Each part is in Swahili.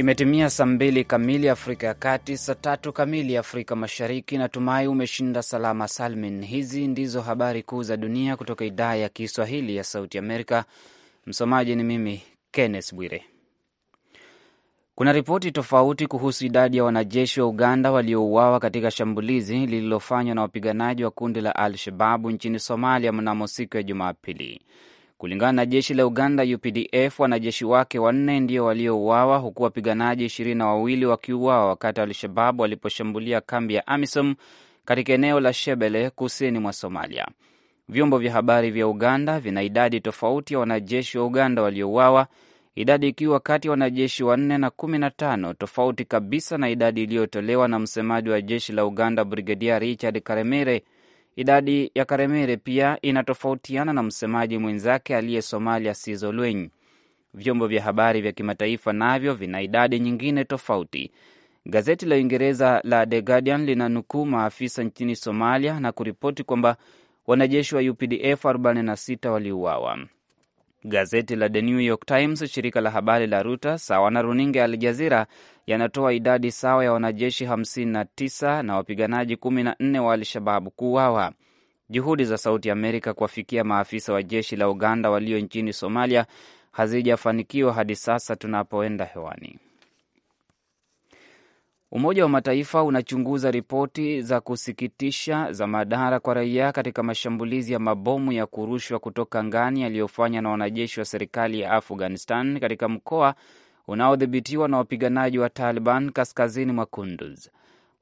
Imetimia saa mbili kamili Afrika ya Kati, saa tatu kamili Afrika Mashariki. Natumai umeshinda salama salmin. Hizi ndizo habari kuu za dunia kutoka idhaa ya Kiswahili ya Sauti Amerika. Msomaji ni mimi Kenneth Bwire. Kuna ripoti tofauti kuhusu idadi ya wanajeshi wa Uganda waliouawa katika shambulizi lililofanywa na wapiganaji wa kundi la Al Shababu nchini Somalia mnamo siku ya Jumapili. Kulingana na jeshi la Uganda UPDF, wanajeshi wake wanne ndio waliouawa huku wapiganaji ishirini na wawili wakiuawa wakati al shabab waliposhambulia kambi ya AMISOM katika eneo la Shebele kusini mwa Somalia. Vyombo vya habari vya Uganda vina idadi tofauti ya wanajeshi wa Uganda waliouawa, idadi ikiwa kati ya wanajeshi wanne na kumi na tano, tofauti kabisa na idadi iliyotolewa na msemaji wa jeshi la Uganda Brigedia Richard Karemere Idadi ya Karemere pia inatofautiana na msemaji mwenzake aliye Somalia, Sizo Vyombo vya habari vya kimataifa navyo vina idadi nyingine tofauti. Gazeti la Uingereza la The Guardian linanukuu maafisa nchini Somalia na kuripoti kwamba wanajeshi wa UPDF 46 waliuawa. Gazeti la The New York Times, shirika la habari la Reuters sawa na runinga ya Aljazira yanatoa idadi sawa ya wanajeshi 59 na wapiganaji 14 wa Alshababu kuuawa. Juhudi za Sauti Amerika kuwafikia maafisa wa jeshi la Uganda walio nchini Somalia hazijafanikiwa hadi sasa tunapoenda hewani. Umoja wa Mataifa unachunguza ripoti za kusikitisha za madhara kwa raia katika mashambulizi ya mabomu ya kurushwa kutoka ngani yaliyofanywa na wanajeshi wa serikali ya Afghanistan katika mkoa unaodhibitiwa na wapiganaji wa Taliban kaskazini mwa Kunduz.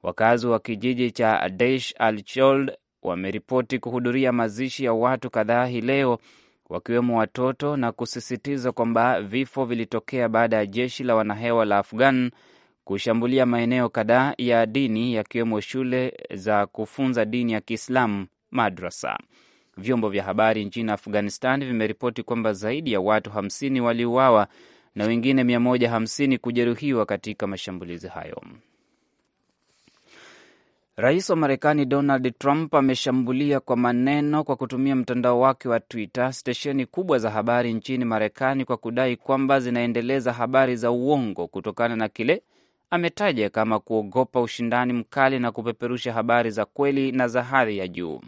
Wakazi wa kijiji cha Deish al Chold wameripoti kuhudhuria mazishi ya watu kadhaa hii leo, wakiwemo watoto na kusisitiza kwamba vifo vilitokea baada ya jeshi la wanahewa la Afghan kushambulia maeneo kadhaa ya dini yakiwemo shule za kufunza dini ya Kiislamu, madrasa. Vyombo vya habari nchini Afghanistan vimeripoti kwamba zaidi ya watu 50 waliuawa na wengine 150 kujeruhiwa katika mashambulizi hayo. Rais wa Marekani Donald Trump ameshambulia kwa maneno kwa kutumia mtandao wake wa Twitter stesheni kubwa za habari nchini Marekani kwa kudai kwamba zinaendeleza habari za uongo kutokana na kile ametaja kama kuogopa ushindani mkali na kupeperusha habari za kweli na za hadhi ya juu.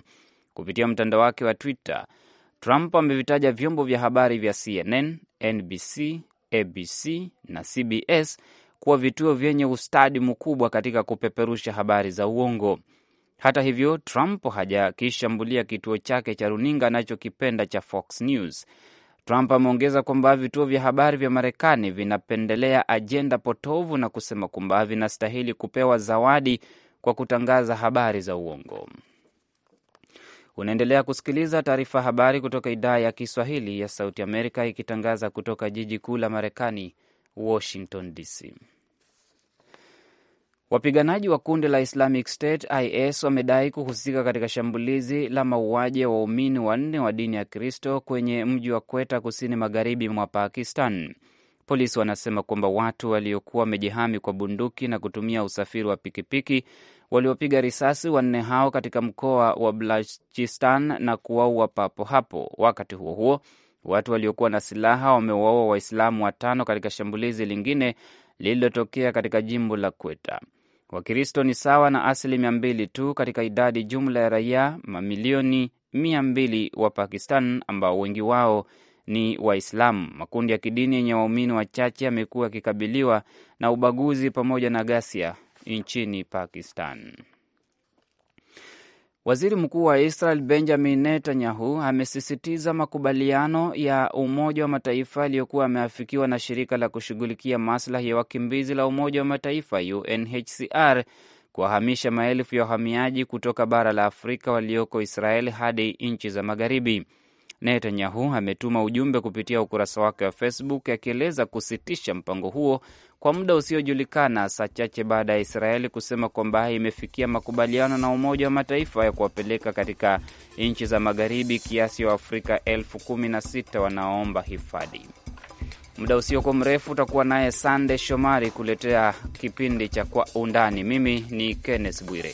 Kupitia mtandao wake wa Twitter, Trump amevitaja vyombo vya habari vya CNN, NBC, ABC na CBS kuwa vituo vyenye ustadi mkubwa katika kupeperusha habari za uongo. Hata hivyo, Trump hajakishambulia kituo chake cha runinga anachokipenda cha Fox News. Trump ameongeza kwamba vituo vya habari vya Marekani vinapendelea ajenda potovu na kusema kwamba vinastahili kupewa zawadi kwa kutangaza habari za uongo. Unaendelea kusikiliza taarifa habari kutoka idhaa ya Kiswahili ya Sauti Amerika, ikitangaza kutoka jiji kuu la Marekani, Washington DC. Wapiganaji wa kundi la Islamic State IS wamedai kuhusika katika shambulizi la mauaji ya waumini wanne wa dini ya Kristo kwenye mji wa Kweta, kusini magharibi mwa Pakistan. Polisi wanasema kwamba watu waliokuwa wamejihami kwa bunduki na kutumia usafiri wa pikipiki waliopiga risasi wanne hao katika mkoa wa Balochistan na kuwaua papo hapo. Wakati huo huo, watu waliokuwa na silaha wamewaua Waislamu watano katika shambulizi lingine lililotokea katika jimbo la Kweta. Wakristo ni sawa na asilimia mbili tu katika idadi jumla ya raia mamilioni mia mbili wa Pakistan ambao wengi wao ni Waislamu. Makundi ya kidini yenye waumini wachache yamekuwa yakikabiliwa na ubaguzi pamoja na ghasia nchini Pakistan. Waziri Mkuu wa Israel Benjamin Netanyahu amesisitiza makubaliano ya Umoja wa Mataifa yaliyokuwa yameafikiwa na shirika la kushughulikia maslahi ya wakimbizi la Umoja wa Mataifa UNHCR kuwahamisha maelfu ya wahamiaji kutoka bara la Afrika walioko Israel hadi nchi za magharibi. Netanyahu ametuma ujumbe kupitia ukurasa wake wa Facebook akieleza kusitisha mpango huo kwa muda usiojulikana, saa chache baada ya Israeli kusema kwamba imefikia makubaliano na Umoja wa Mataifa ya kuwapeleka katika nchi za magharibi kiasi wa Afrika elfu kumi na sita wanaoomba hifadhi. Muda usioko mrefu utakuwa naye Sande Shomari kuletea kipindi cha Kwa Undani. Mimi ni Kenneth Bwire.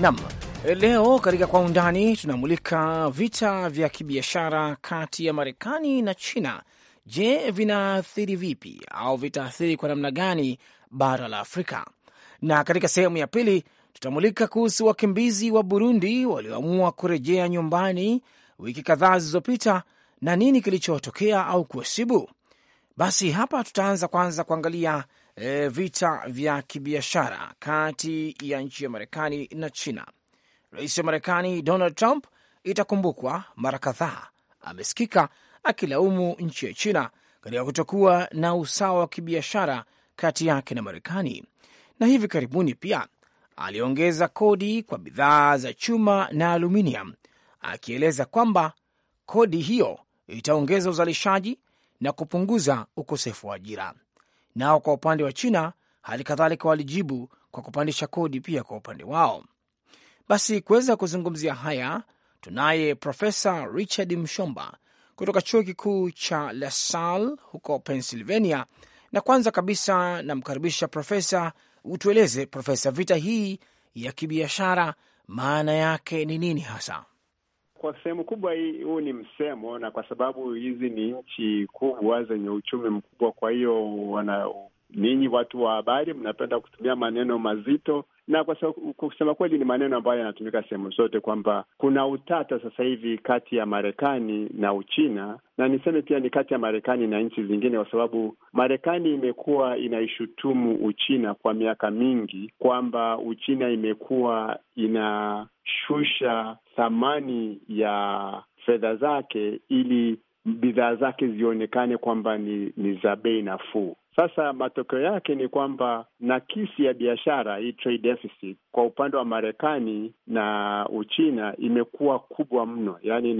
Nam, eh, leo katika kwa undani tunamulika vita vya kibiashara kati ya Marekani na China. Je, vinaathiri vipi au vitaathiri kwa namna gani bara la Afrika? Na katika sehemu ya pili tutamulika kuhusu wakimbizi wa Burundi walioamua kurejea nyumbani wiki kadhaa zilizopita na nini kilichotokea au kuwasibu. Basi hapa tutaanza kwanza kuangalia E, vita vya kibiashara kati ya nchi ya Marekani na China. Rais wa Marekani Donald Trump, itakumbukwa, mara kadhaa amesikika akilaumu nchi ya China katika kutokuwa na usawa wa kibiashara kati yake na Marekani, na hivi karibuni pia aliongeza kodi kwa bidhaa za chuma na aluminium, akieleza kwamba kodi hiyo itaongeza uzalishaji na kupunguza ukosefu wa ajira. Nao kwa upande wa China hali kadhalika walijibu kwa kupandisha kodi pia kwa upande wao. Basi kuweza kuzungumzia haya tunaye Profesa Richard Mshomba kutoka chuo kikuu cha LaSalle huko Pennsylvania, na kwanza kabisa namkaribisha profesa. Utueleze profesa, vita hii ya kibiashara maana yake ni nini hasa? Kwa sehemu kubwa huu ni msemo, na kwa sababu hizi ni nchi kubwa zenye uchumi mkubwa, kwa hiyo wana ninyi watu wa habari mnapenda kutumia maneno mazito na kwa kusema kweli ni maneno ambayo yanatumika sehemu zote kwamba kuna utata sasa hivi kati ya Marekani na Uchina, na niseme pia ni kati ya Marekani na nchi zingine, kwa sababu Marekani imekuwa inaishutumu Uchina kwa miaka mingi kwamba Uchina imekuwa inashusha thamani ya fedha zake ili bidhaa zake zionekane kwamba ni, ni za bei nafuu. Sasa matokeo yake ni kwamba nakisi ya biashara hii trade deficit kwa upande wa Marekani na Uchina imekuwa kubwa mno. Yaani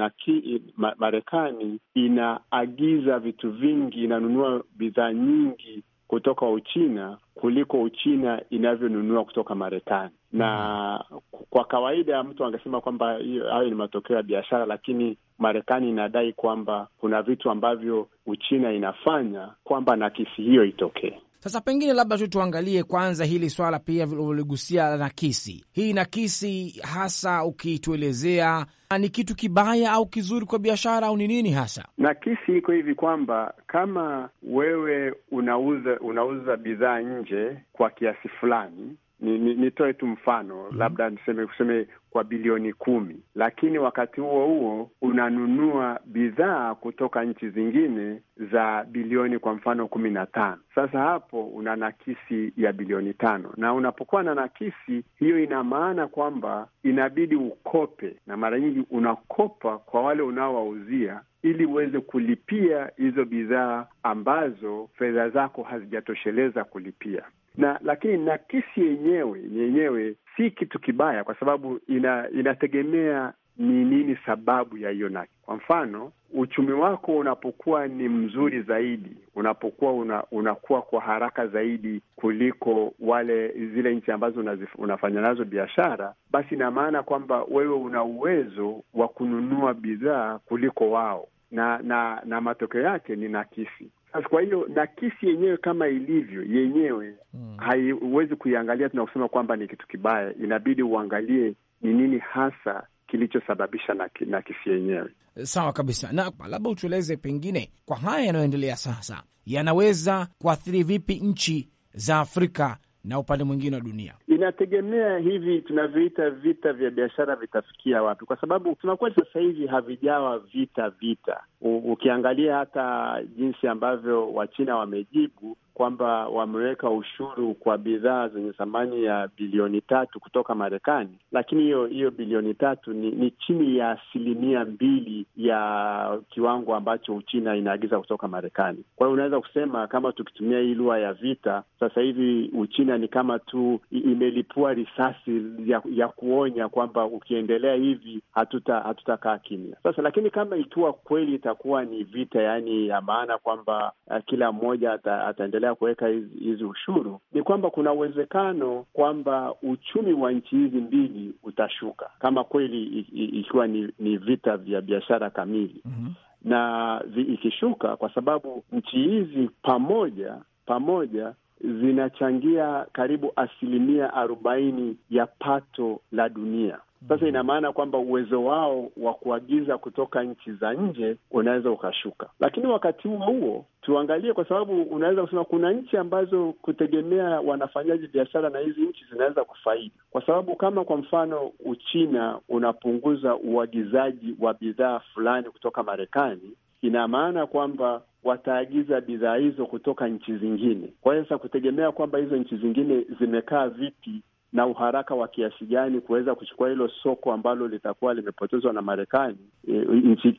ma, Marekani inaagiza vitu vingi, inanunua bidhaa nyingi kutoka Uchina kuliko Uchina inavyonunua kutoka Marekani. Na kwa kawaida mtu angesema kwamba hayo ni matokeo ya biashara, lakini Marekani inadai kwamba kuna vitu ambavyo Uchina inafanya kwamba nakisi hiyo itokee. Sasa pengine labda tu tuangalie kwanza hili swala pia viloligusia la nakisi. Hii nakisi hasa ukituelezea, ni kitu kibaya au kizuri kwa biashara au ni nini hasa nakisi? Iko hivi kwamba kama wewe unauza unauza bidhaa nje kwa kiasi fulani nitoe tu mfano mm -hmm. labda niseme kuseme kwa bilioni kumi, lakini wakati huo huo unanunua bidhaa kutoka nchi zingine za bilioni kwa mfano kumi na tano. Sasa hapo una nakisi ya bilioni tano, na unapokuwa na nakisi hiyo, ina maana kwamba inabidi ukope, na mara nyingi unakopa kwa wale unaowauzia ili uweze kulipia hizo bidhaa ambazo fedha zako hazijatosheleza kulipia na lakini nakisi yenyewe yenyewe si kitu kibaya, kwa sababu ina, inategemea ni nini sababu ya hiyo nakisi. Kwa mfano, uchumi wako unapokuwa ni mzuri zaidi, unapokuwa una, unakuwa kwa haraka zaidi kuliko wale zile nchi ambazo unazif, unafanya nazo biashara, basi ina maana kwamba wewe una uwezo wa kununua bidhaa kuliko wao na na na matokeo yake ni nakisi. Sasa kwa hiyo nakisi yenyewe kama ilivyo yenyewe mm, haiwezi kuiangalia tuna kusema kwamba ni kitu kibaya. Inabidi uangalie ni nini hasa kilichosababisha nakisi yenyewe. Sawa kabisa. Na labda utueleze pengine, kwa haya yanayoendelea sasa yanaweza kuathiri vipi nchi za Afrika na upande mwingine wa dunia. Inategemea hivi tunavyoita vita vya biashara vitafikia wapi, kwa sababu tunakuwa sasa hivi havijawa vita vita. U, ukiangalia hata jinsi ambavyo Wachina wamejibu kwamba wameweka ushuru kwa bidhaa zenye thamani ya bilioni tatu kutoka Marekani, lakini hiyo hiyo bilioni tatu ni, ni chini ya asilimia mbili ya kiwango ambacho Uchina inaagiza kutoka Marekani. Kwa hiyo unaweza kusema kama tukitumia hii lugha ya vita, sasa hivi Uchina ni kama tu imelipua risasi ya, ya kuonya kwamba ukiendelea hivi hatuta hatutakaa kimya sasa. Lakini kama ikiwa kweli itakuwa ni vita, yani ya maana kwamba uh, kila mmoja ataendelea kuendelea kuweka hizi ushuru ni kwamba kuna uwezekano kwamba uchumi wa nchi hizi mbili utashuka kama kweli ikiwa ni, ni vita vya biashara kamili mm -hmm. Na ikishuka kwa sababu nchi hizi pamoja pamoja zinachangia karibu asilimia arobaini ya pato la dunia. Sasa ina maana kwamba uwezo wao wa kuagiza kutoka nchi za nje unaweza ukashuka, lakini wakati huo huo tuangalie, kwa sababu unaweza kusema kuna nchi ambazo kutegemea wanafanyaji biashara na hizi nchi zinaweza kufaidi, kwa sababu kama kwa mfano Uchina unapunguza uagizaji wa bidhaa fulani kutoka Marekani, ina maana kwamba wataagiza bidhaa hizo kutoka nchi zingine. Kwa hiyo sasa kutegemea kwamba hizo nchi zingine zimekaa vipi na uharaka wa kiasi gani kuweza kuchukua hilo soko ambalo litakuwa limepotezwa na Marekani. E,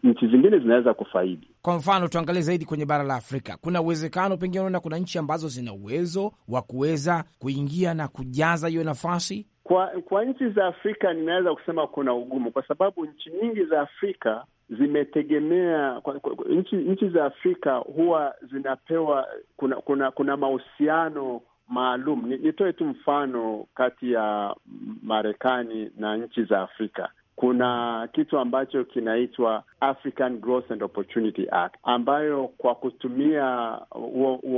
nchi, zingine zinaweza kufaidi. Kwa mfano, tuangalie zaidi kwenye bara la Afrika, kuna uwezekano pengine, unaona kuna nchi ambazo zina uwezo wa kuweza kuingia na kujaza hiyo nafasi. Kwa, kwa nchi za Afrika ninaweza kusema kuna ugumu, kwa sababu nchi nyingi za Afrika zimetegemea kwa, kwa, nchi, nchi za Afrika huwa zinapewa kuna kuna kuna mahusiano maalum. Nitoe tu mfano kati ya Marekani na nchi za Afrika kuna kitu ambacho kinaitwa African Growth and Opportunity Act ambayo kwa kutumia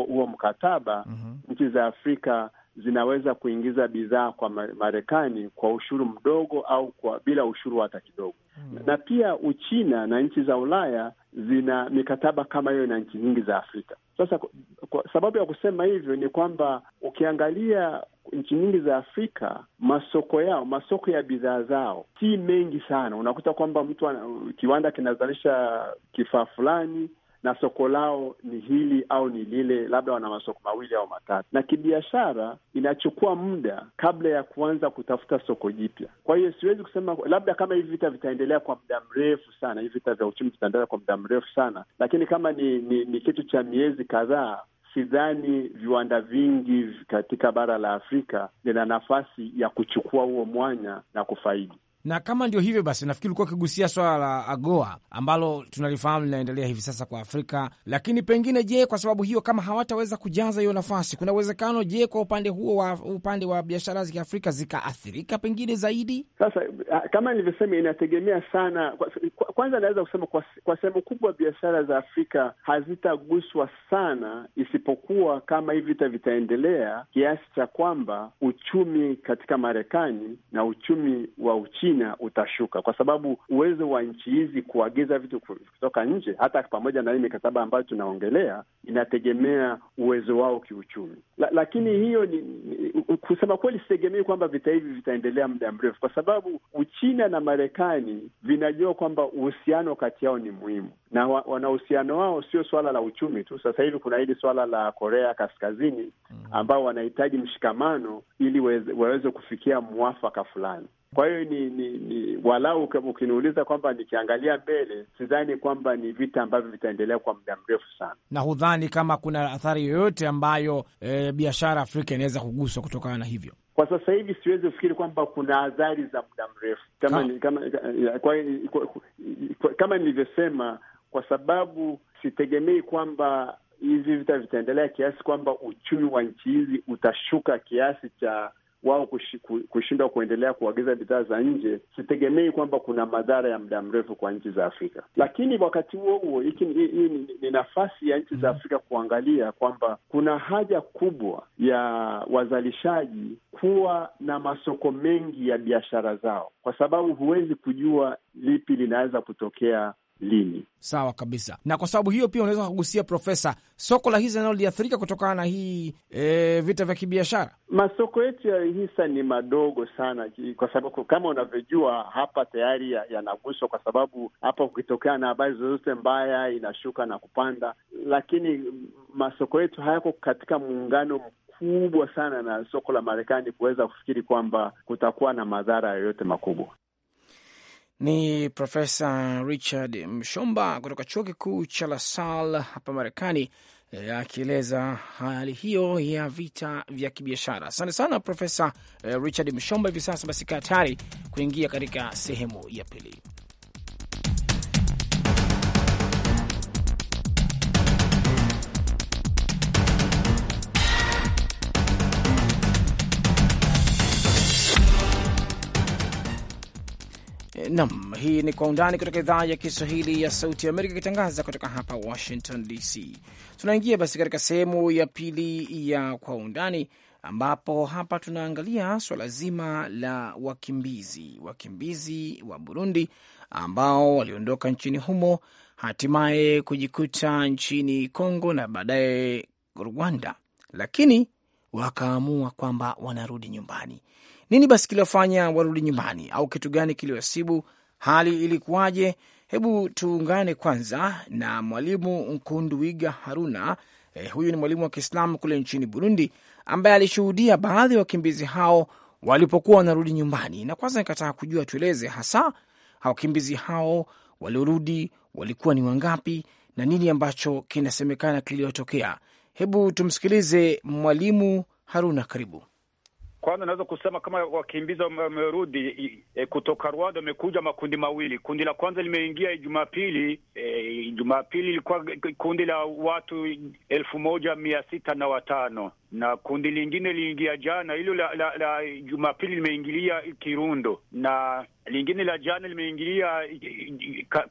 huo mkataba mm -hmm. nchi za Afrika zinaweza kuingiza bidhaa kwa Marekani kwa ushuru mdogo au kwa bila ushuru hata kidogo. Hmm. Na pia Uchina na nchi za Ulaya zina mikataba kama hiyo na nchi nyingi za Afrika. Sasa kwa sababu ya kusema hivyo ni kwamba ukiangalia nchi nyingi za Afrika masoko yao, masoko ya bidhaa zao si mengi sana. Unakuta kwamba mtu kiwanda kinazalisha kifaa fulani na soko lao ni hili au ni lile, labda wana masoko mawili au matatu, na kibiashara inachukua muda kabla ya kuanza kutafuta soko jipya. Kwa hiyo siwezi kusema labda kama hivi vita vitaendelea kwa muda mrefu sana, hivi vita vya uchumi vitaendelea kwa muda mrefu sana, lakini kama ni, ni, ni kitu cha miezi kadhaa sidhani viwanda vingi katika bara la Afrika lina nafasi ya kuchukua huo mwanya na kufaidi na kama ndio hivyo basi, nafikiri ulikuwa ukigusia swala la AGOA ambalo tunalifahamu linaendelea hivi sasa kwa Afrika. Lakini pengine, je, kwa sababu hiyo kama hawataweza kujaza hiyo nafasi, kuna uwezekano je, kwa upande huo wa upande wa biashara za kiafrika zikaathirika pengine zaidi? Sasa ah, kama nilivyosema, inategemea sana. Kwanza naweza kusema kwa, kwa sehemu kubwa biashara za Afrika hazitaguswa sana, isipokuwa kama hivi vita vitaendelea kiasi cha kwamba uchumi katika Marekani na uchumi wa uchini China utashuka, kwa sababu uwezo wa nchi hizi kuagiza vitu kutoka nje, hata pamoja na hii mikataba ambayo tunaongelea, inategemea uwezo wao kiuchumi. La, lakini mm. hiyo ni, ni kusema kweli, sitegemei kwamba vita hivi vitaendelea muda mrefu, kwa sababu Uchina na Marekani vinajua kwamba uhusiano kati yao ni muhimu na wa, wana uhusiano wao sio swala la uchumi tu. Sasa hivi kuna hili swala la Korea Kaskazini mm. ambao wanahitaji mshikamano ili waweze kufikia mwafaka fulani. Kwa hiyo ni, ni, ni walau ukiniuliza kwamba nikiangalia mbele, sidhani kwamba ni vita ambavyo vitaendelea kwa muda mrefu sana, na hudhani kama kuna athari yoyote ambayo e, biashara Afrika inaweza kuguswa kutokana na hivyo. Kwa sasa hivi siwezi kufikiri kwamba kuna athari za muda mrefu kama kama nilivyosema, kwa sababu sitegemei kwamba hivi vita vitaendelea kiasi kwamba uchumi wa nchi hizi utashuka kiasi cha wao kushindwa kuendelea kuagiza bidhaa za nje, sitegemei kwamba kuna madhara ya muda mrefu kwa nchi za Afrika. Lakini wakati huo huo, hii ni nafasi ya nchi za mm-hmm. Afrika kuangalia kwamba kuna haja kubwa ya wazalishaji kuwa na masoko mengi ya biashara zao, kwa sababu huwezi kujua lipi linaweza kutokea lini. Sawa kabisa. Na kwa sababu hiyo pia unaweza kugusia, Profesa, soko la hisa linaloliathirika kutokana na hii e, vita vya kibiashara. Masoko yetu ya hisa ni madogo sana, kwa sababu kama unavyojua hapa tayari yanaguswa ya, kwa sababu hapa ukitokea na habari zozote mbaya inashuka na kupanda, lakini masoko yetu hayako katika muungano kubwa sana na soko la Marekani kuweza kufikiri kwamba kutakuwa na madhara yoyote makubwa. Ni Profesa Richard Mshomba kutoka chuo kikuu cha La hapa Marekani eh, akieleza hali hiyo ya vita vya kibiashara. Asante sana Profesa eh, Richard Mshomba. Hivi sasa basi, kaa tayari kuingia katika sehemu ya pili. Nam, hii ni Kwa Undani kutoka idhaa ya Kiswahili ya Sauti ya Amerika ikitangaza kutoka hapa Washington DC. Tunaingia basi katika sehemu ya pili ya Kwa Undani, ambapo hapa tunaangalia swala zima la wakimbizi, wakimbizi wa Burundi ambao waliondoka nchini humo hatimaye kujikuta nchini congo na baadaye Rwanda, lakini wakaamua kwamba wanarudi nyumbani. Nini basi kiliwafanya warudi nyumbani, au kitu gani kiliwasibu? Hali ilikuwaje? Hebu tuungane kwanza na Mwalimu Nkunduwiga Haruna. Eh, huyu ni mwalimu wa Kiislamu kule nchini Burundi ambaye alishuhudia baadhi ya wakimbizi hao walipokuwa wanarudi nyumbani, na kwanza nikataka kujua, tueleze hasa wakimbizi hao waliorudi walikuwa ni wangapi na nini ambacho kinasemekana kiliotokea. Hebu tumsikilize Mwalimu Haruna. Karibu. Kwanza naweza kusema kama wakimbizi wamerudi e, kutoka Rwanda wamekuja makundi mawili. Kundi la kwanza limeingia Jumapili. E, Jumapili ilikuwa kundi la watu elfu moja mia sita na watano na kundi lingine liliingia jana. Hilo la, la, la Jumapili limeingilia Kirundo na lingine la jana limeingilia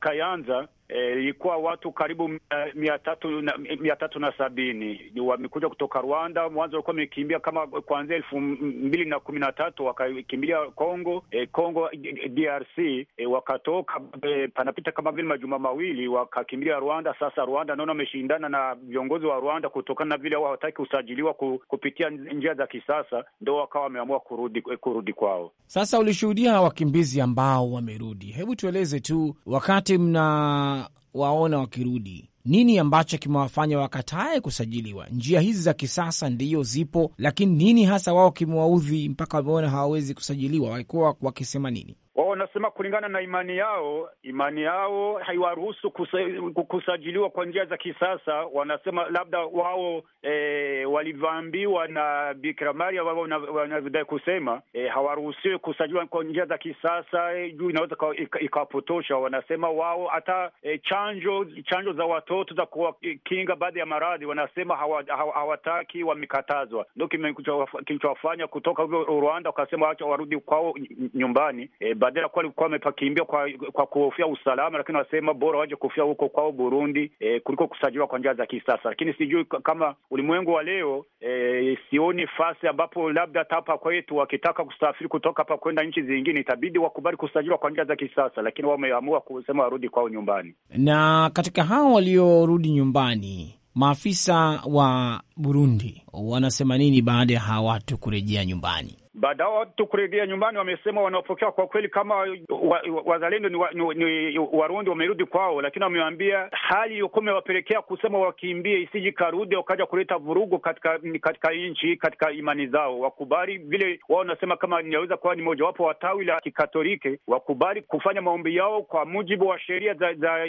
Kayanza. Eh, ilikuwa e, watu karibu eh, mia tatu na, mia tatu na sabini wamekuja kutoka Rwanda. Mwanzo walikuwa wamekimbia kama kuanzia elfu mbili na kumi na tatu wakakimbilia Congo e, eh, Congo DRC e, wakatoka e, panapita kama vile majuma mawili wakakimbilia Rwanda. Sasa Rwanda naona wameshindana na viongozi wa Rwanda kutokana na vile hao hawataki kusajiliwa ku, kupitia njia za kisasa, ndo wakawa wameamua kurudi, kurudi kwao. Sasa ulishuhudia wakimbizi ambao wamerudi, hebu tueleze tu wakati mna waona wakirudi? Nini ambacho kimewafanya wakatae kusajiliwa? Njia hizi za kisasa ndiyo zipo, lakini nini hasa wao kimewaudhi mpaka wameona hawawezi kusajiliwa? Walikuwa wakisema nini? Wao wanasema kulingana na imani yao, imani yao haiwaruhusu kusajiliwa kwa njia za kisasa. Wanasema labda wao e, walivyoambiwa na Bikira Maria wao wanavyodai kusema e, hawaruhusiwi kusajiliwa kwa njia za kisasa e, juu inaweza ikawapotosha. Wanasema wao hata e, chanjo chanjo za watoto za kuwakinga e, baadhi ya maradhi wanasema hawataki, hawa wamekatazwa. Ndo kilichowafanya kutoka hivyo Rwanda wakasema wacha warudi kwao nyumbani e, badala kuwa walikuwa wamepakimbia kwa, kwa kuhofia usalama, lakini wanasema bora waje kufia huko kwao Burundi eh, kuliko kusajiliwa kwa njia za kisasa. Lakini sijui kama ulimwengu wa leo eh, sioni fasi ambapo labda hata hapa kwetu wakitaka kusafiri kutoka hapa kwenda nchi zingine itabidi wakubali kusajiliwa kwa njia za kisasa, lakini wameamua kusema warudi kwao nyumbani. Na katika hao waliorudi nyumbani maafisa wa Burundi wanasema nini baada ya hawa watu kurejea nyumbani? ya watu kurejea nyumbani, wamesema wanaopokea kwa kweli kama wazalendo wa, wa ni, ni, ni Warundi wamerudi kwao, lakini wameambia hali ilikuwa imewapelekea kusema wakimbie, isiji karudi wakaja kuleta vurugu katika katika nchi, katika imani zao. Wakubali vile wao wanasema, kama inaweza kuwa ni mojawapo wa tawi la Kikatoliki, wakubali kufanya maombi yao kwa mujibu wa sheria za, za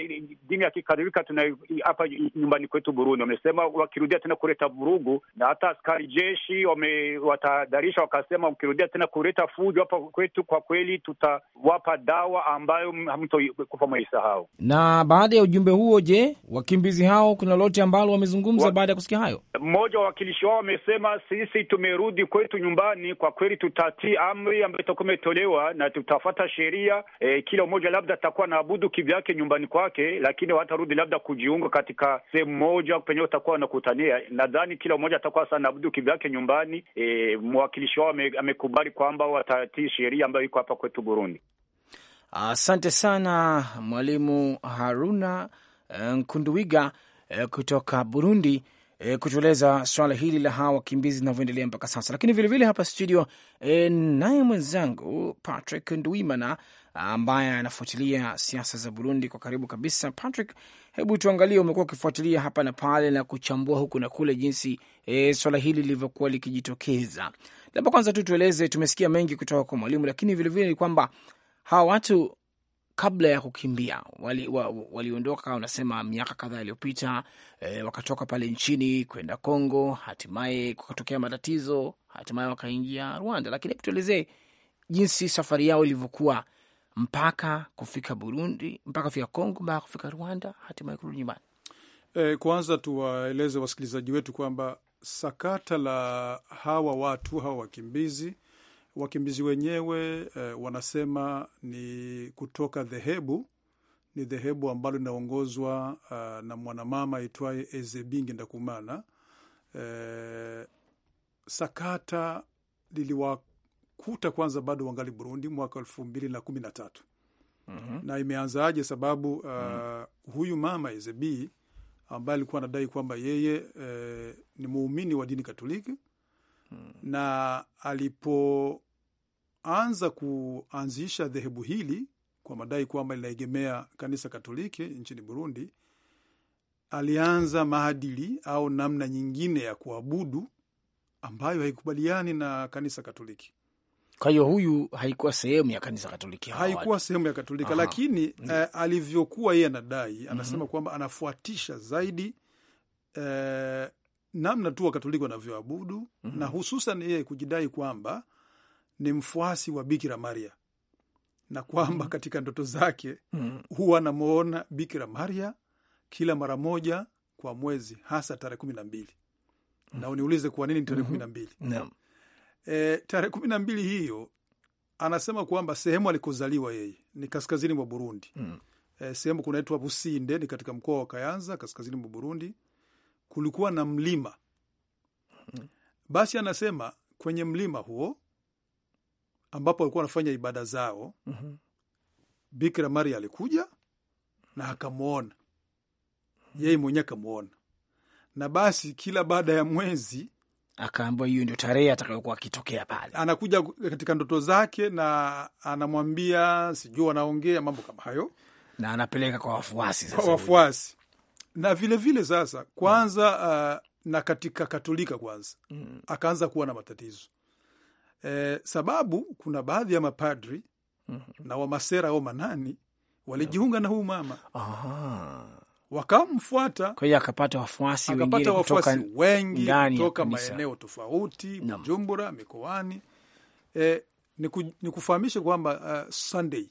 dini ya Kikatoliki tuna hapa nyumbani kwetu Burundi. Wamesema wakirudia tena kuleta vurugu, na hata askari jeshi wamewatahadharisha wakasema ukirudia tena kuleta fujo hapa kwetu, kwa kweli tutawapa dawa ambayo hamtokufa mwaisahau. Na baada ya ujumbe huo, je, wakimbizi hao kuna lote ambalo wamezungumza wa... baada ya kusikia hayo? Mmoja wa wakilishi wao wamesema, sisi tumerudi kwetu nyumbani, kwa kweli tutatii amri ambayo itakuwa imetolewa na tutafata sheria. E, kila mmoja labda atakuwa na abudu kivyake nyumbani kwake, lakini watarudi labda kujiunga katika sehemu moja penye watakuwa wanakutania. Nadhani kila mmoja atakuwa sana abudu kivyake nyumbani. E, mwakilishi wao amekubali kwamba watatii sheria ambayo iko hapa kwetu Burundi. Asante sana Mwalimu Haruna eh, Nkunduwiga eh, kutoka Burundi eh, kutueleza swala hili la hawa wakimbizi linavyoendelea mpaka sasa. Lakini vilevile vile hapa studio e, naye mwenzangu Patrick Ndwimana ambaye anafuatilia siasa za Burundi kwa karibu kabisa. Patrick, hebu tuangalie, umekuwa ukifuatilia hapa na pale na kuchambua huku na kule jinsi e, swala hili lilivyokuwa likijitokeza. Labda kwanza tu tueleze, tumesikia mengi kutoka kwa mwalimu, lakini vilevile ni kwamba hawa watu kabla ya kukimbia waliondoka, wali unasema miaka kadhaa iliyopita e, wakatoka pale nchini kwenda Kongo, hatimaye kukatokea matatizo, hatimaye wakaingia Rwanda. Lakini hebu tuelezee jinsi safari yao ilivyokuwa mpaka kufika Burundi, mpaka kufika Kongo, mpaka kufika Rwanda, hatimaye kurudi nyumbani. E, kwanza tuwaeleze wasikilizaji wetu kwamba sakata la hawa watu hawa wakimbizi wakimbizi wenyewe eh, wanasema ni kutoka dhehebu ni dhehebu ambalo linaongozwa uh, na mwanamama aitwaye Ezebingi Ndakumana. Eh, sakata liliwakuta kwanza bado wangali Burundi mwaka elfu mbili na kumi na tatu. mm -hmm. Na imeanzaje Sababu uh, mm -hmm. huyu mama Ezebi ambaye alikuwa anadai kwamba yeye e, ni muumini wa dini Katoliki hmm. na alipoanza kuanzisha dhehebu hili kwa madai kwamba linaegemea kanisa Katoliki nchini Burundi, alianza maadili au namna nyingine ya kuabudu ambayo haikubaliani na kanisa Katoliki. Kwa hiyo huyu haikuwa sehemu ya kanisa Katoliki, haikuwa sehemu ya Katoliki, lakini mm. eh, alivyokuwa yeye anadai mhm. anasema mm -hmm. kwamba anafuatisha zaidi eh, namna tu Wakatoliki wanavyoabudu mm -hmm. na hususan yeye kujidai kwamba ni mfuasi wa Bikira Maria na kwamba mm -hmm. katika ndoto zake mm -hmm. huwa anamwona Bikira Maria kila mara moja kwa mwezi, hasa tarehe kumi na mbili mm -hmm. na mhm. uniulize kwa nini tarehe mhm. kumi na mbili mm -hmm e, tarehe kumi na mbili hiyo anasema kwamba sehemu alikozaliwa yeye ni kaskazini mwa Burundi mm. E, sehemu kunaitwa Businde ni katika mkoa wa Kayanza kaskazini mwa Burundi, kulikuwa na mlima mm. Basi anasema kwenye mlima huo ambapo walikuwa wanafanya ibada zao mm -hmm. Bikira Maria alikuja na akamwona hmm. yeye mwenyewe akamwona, na basi kila baada ya mwezi akaambiwa hiyo ndio tarehe atakayokuwa akitokea pale. Anakuja katika ndoto zake na anamwambia sijui, wanaongea mambo kama hayo na anapeleka kwa wafuasi sasa, kwa wafuasi na vilevile vile sasa kwanza uh, na katika Katolika kwanza mm. akaanza kuwa na matatizo e, sababu kuna baadhi ya mapadri hmm. na wamasera au manani walijiunga na huyu mama Aha wakamfuata. Kwa hiyo akapata wafuasi akapata wafuasi wengi kutoka maeneo tofauti, Bujumbura, mikoani. E, ni kwamba uh, Sunday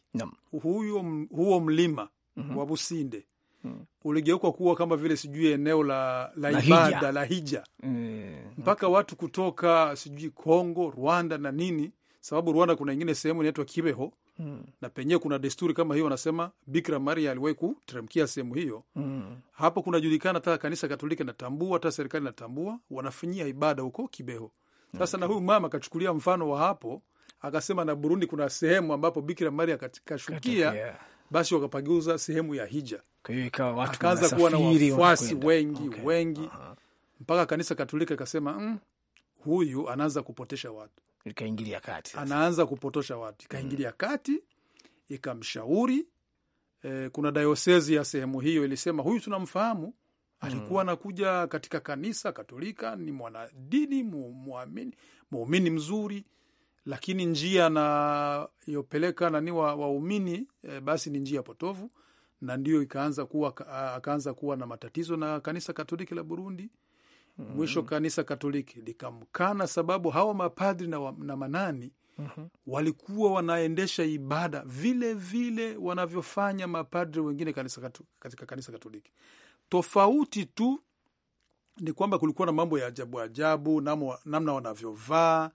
huyo, huo mlima mm -hmm. wa Businde Hmm. uligeukwa kuwa kama vile sijui eneo la, la, la ibada hija. la hija mm. mpaka okay. watu kutoka sijui Kongo, Rwanda na nini sababu Rwanda kuna ingine sehemu inaitwa Kibeho mm. na penyewe kuna desturi kama hiyo, wanasema Bikira Maria aliwahi kuteremkia sehemu hiyo mm. hapo kunajulikana, hata kanisa Katoliki natambua, hata serikali natambua, wanafanyia ibada huko Kibeho. Sasa okay. na huyu mama akachukulia mfano wa hapo, akasema na Burundi kuna sehemu ambapo Bikira Maria kashukia basi wakapaguza sehemu ya hija, akaanza kuwa na wafuasi wengi okay. wengi uh -huh. mpaka kanisa Katolika ikasema mm, huyu anaanza kupotesha watu ikaingilia kati, anaanza kupotosha watu, ikaingilia mm. kati, ikamshauri. E, kuna dayosezi ya sehemu hiyo ilisema huyu tunamfahamu alikuwa mm. anakuja katika kanisa Katolika, ni mwanadini muamini, muumini mzuri, lakini njia anayopeleka nani waumini wa e, basi ni njia potovu, na ndio ikaanza kuwa akaanza kuwa na matatizo na kanisa Katoliki la Burundi. -hmm. Mwisho kanisa Katoliki likamkana, sababu hawa mapadri na, na manani mm -hmm. walikuwa wanaendesha ibada vile vile wanavyofanya mapadri wengine kanisa, katika kanisa Katoliki. Tofauti tu ni kwamba kulikuwa na mambo ya ajabu ajabu, namna wanavyovaa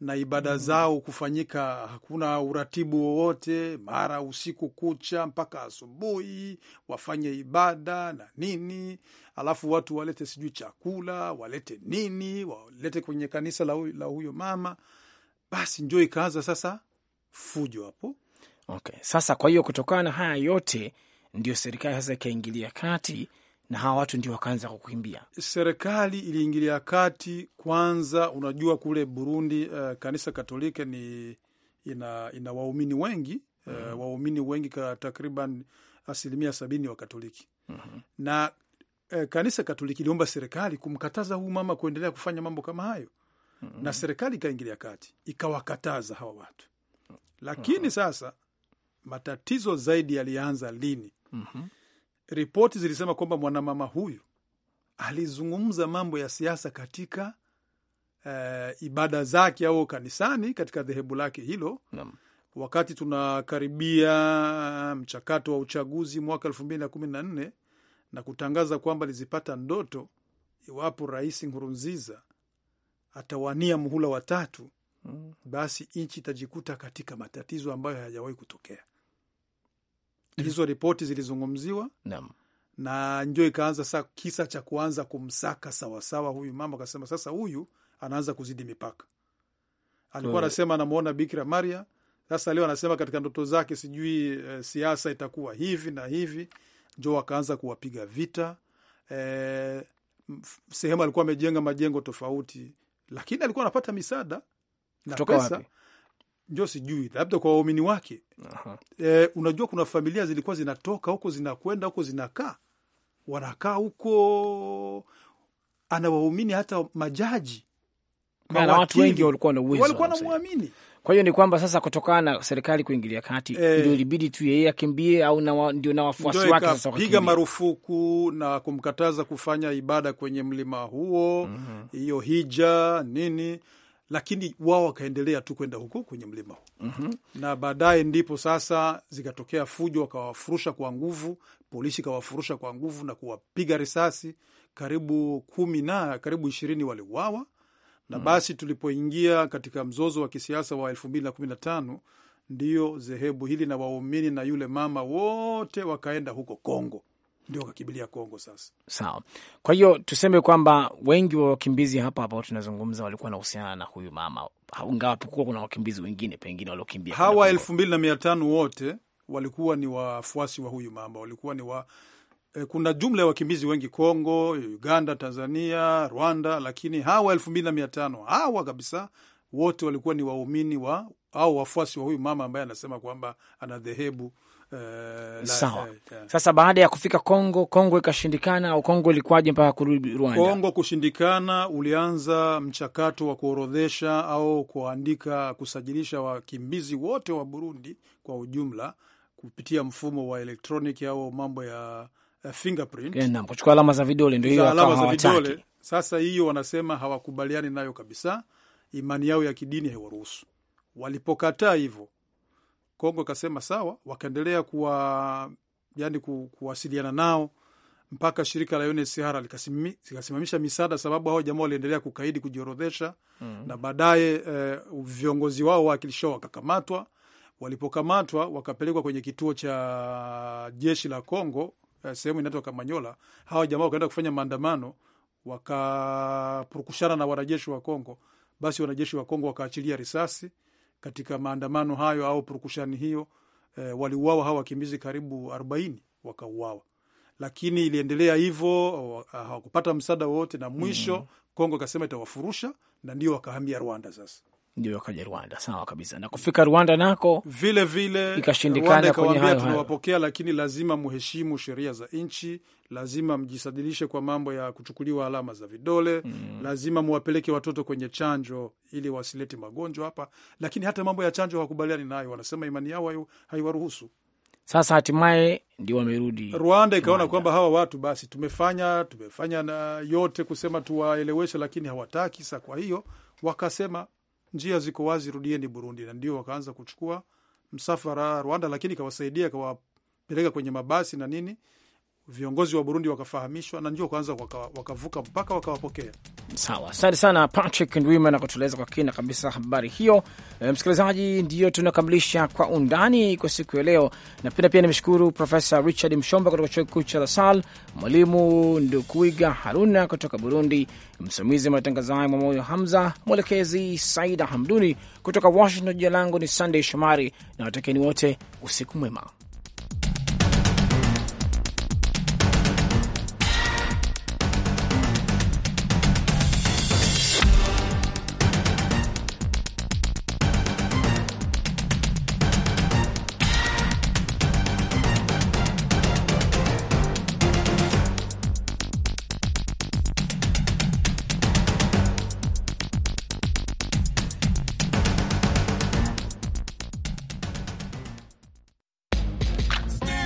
na ibada mhm. zao kufanyika, hakuna uratibu wowote, mara usiku kucha mpaka asubuhi wafanye ibada na nini, alafu watu walete sijui chakula walete nini, walete kwenye kanisa la, la huyo mama. Basi njo ikaanza sasa fujo hapo. Okay, sasa kwa hiyo kutokana na haya yote ndio serikali sasa ikaingilia kati na hawa watu ndio wakaanza kukimbia. Serikali iliingilia kati kwanza. Unajua kule Burundi uh, kanisa Katoliki ni ina, ina waumini wengi mm -hmm. uh, waumini wengi ka takriban asilimia sabini wa Katoliki mm -hmm. na uh, kanisa Katoliki iliomba serikali kumkataza huu mama kuendelea kufanya mambo kama hayo mm -hmm. na serikali ikaingilia kati ikawakataza hawa watu, lakini mm -hmm. sasa matatizo zaidi yalianza lini? mm -hmm ripoti zilisema kwamba mwanamama huyu alizungumza mambo ya siasa katika uh, ibada zake au kanisani katika dhehebu lake hilo Nam. Wakati tunakaribia eh, mchakato wa uchaguzi mwaka elfu mbili na kumi na nne na kutangaza kwamba lizipata ndoto iwapo Rais Nkurunziza atawania muhula watatu, mm. basi nchi itajikuta katika matatizo ambayo hayajawahi kutokea hizo ripoti zilizungumziwa na, na njo ikaanza sa kisa cha kuanza kumsaka sawasawa huyu mama, akasema sasa huyu anaanza kuzidi mipaka. Alikuwa anasema anamwona Bikira Maria, sasa leo anasema katika ndoto zake sijui e, siasa itakuwa hivi na hivi, njo wakaanza kuwapiga vita e, sehemu alikuwa amejenga majengo tofauti, lakini alikuwa anapata misaada na pesa wapi? njo sijui, labda kwa waumini wake. uh -huh. E, unajua kuna familia zilikuwa zinatoka huko zinakwenda huko zinakaa wanakaa huko, anawaumini hata majaji na watu wengi walikuwa na uwezo, walikuwa wanamwamini. Kwa hiyo ni kwamba sasa, kutokana na serikali kuingilia kati, e, ndio ilibidi tu yeye akimbie, au ndio na wafuasi wake sasa wakapiga marufuku na kumkataza kufanya ibada kwenye mlima huo, mhm. hiyo mm -hmm. hija nini lakini wao wakaendelea tu kwenda huko kwenye mlima hu mm -hmm. na baadaye ndipo sasa zikatokea fujo, wakawafurusha kwa nguvu, polisi kawafurusha kwa nguvu na kuwapiga risasi karibu kumi na karibu ishirini waliuawa na mhm. basi tulipoingia katika mzozo wa kisiasa wa elfu mbili na kumi na tano ndio dhehebu hili na waumini na yule mama wote wakaenda huko Kongo ndio wakakimbilia Kongo sasa. Sawa. Kwa hiyo tuseme kwamba wengi wa wakimbizi hapa ambao tunazungumza walikuwa wanahusiana na huyu mama, ingawa kuna wakimbizi wengine pengine waliokimbia. Hawa elfu mbili na mia tano wote walikuwa ni wafuasi wa huyu mama, walikuwa ni wa eh, kuna jumla ya wakimbizi wengi Kongo, Uganda, Tanzania, Rwanda, lakini hawa elfu mbili na mia tano hawa kabisa wote walikuwa ni waumini wa au wafuasi wa huyu mama ambaye anasema kwamba ana dhehebu Uh, sawa yeah. Sasa baada ya kufika Kongo, Kongo ikashindikana au Kongo ilikuwaje mpaka kurudi Rwanda? Kongo kushindikana, ulianza mchakato wa kuorodhesha au kuandika, kusajilisha wakimbizi wote wa Burundi kwa ujumla kupitia mfumo wa electronic au mambo ya fingerprint, yeah, kuchukua alama za vidole, ndio hiyo alama za vidole. Sasa hiyo wanasema hawakubaliani nayo kabisa, imani yao ya kidini haiwaruhusu Walipokataa hivyo, Kongo ikasema sawa, wakaendelea kuwa yani kuwasiliana nao mpaka shirika la UNHCR likasimamisha misaada, sababu hao jamaa waliendelea kukaidi kujiorodhesha. mm -hmm. na baadaye eh, viongozi wao wawakilishi wakakamatwa. Walipokamatwa wakapelekwa kwenye kituo cha jeshi la Congo eh, sehemu inaitwa Kamanyola. Hawa jamaa wakaenda kufanya maandamano, wakapurukushana na wanajeshi wa Congo. Basi wanajeshi wa Congo wakaachilia risasi katika maandamano hayo au purukushani hiyo e, waliuawa hawa wakimbizi karibu arobaini wakauawa, lakini iliendelea hivyo, ah, hawakupata msaada wowote na mwisho mm -hmm. Kongo akasema itawafurusha na ndio wakahamia Rwanda sasa ndio wakaja Rwanda. Sawa kabisa, na kufika Rwanda nako vile vile ikashindikana kwenye Tunawapokea, lakini lazima muheshimu sheria za nchi, lazima mjisadilishe kwa mambo ya kuchukuliwa alama za vidole mm. lazima muwapeleke watoto kwenye chanjo ili wasilete magonjwa hapa, lakini hata mambo ya chanjo hawakubaliani nayo, wanasema imani yao haiwaruhusu. Sasa hatimaye ndio wamerudi Rwanda, ikaona kwamba hawa watu basi, tumefanya tumefanya na yote kusema tuwaeleweshe, lakini hawataki. Sa kwa hiyo wakasema njia ziko wazi, rudieni Burundi, na ndio wakaanza kuchukua msafara Rwanda, lakini kawasaidia kawapeleka kwenye mabasi na nini. Viongozi wa Burundi wakafahamishwa na ndio wakaanza wakavuka mpaka wakawapokea. Sawa, asante sana Patrick Ndwimana kutueleza kwa kina kabisa habari hiyo. E, msikilizaji, ndiyo tunakamilisha kwa undani kwa siku ya leo. Napenda pia nimshukuru Profesa Richard Mshomba kutoka chuo kikuu cha Lasal, mwalimu Ndukuiga Haruna kutoka Burundi, msimamizi wa matangazo Mwamoyo Hamza, mwelekezi Saida Hamduni kutoka Washington. Jina langu ni Sandey Shomari na watakieni wote usiku mwema.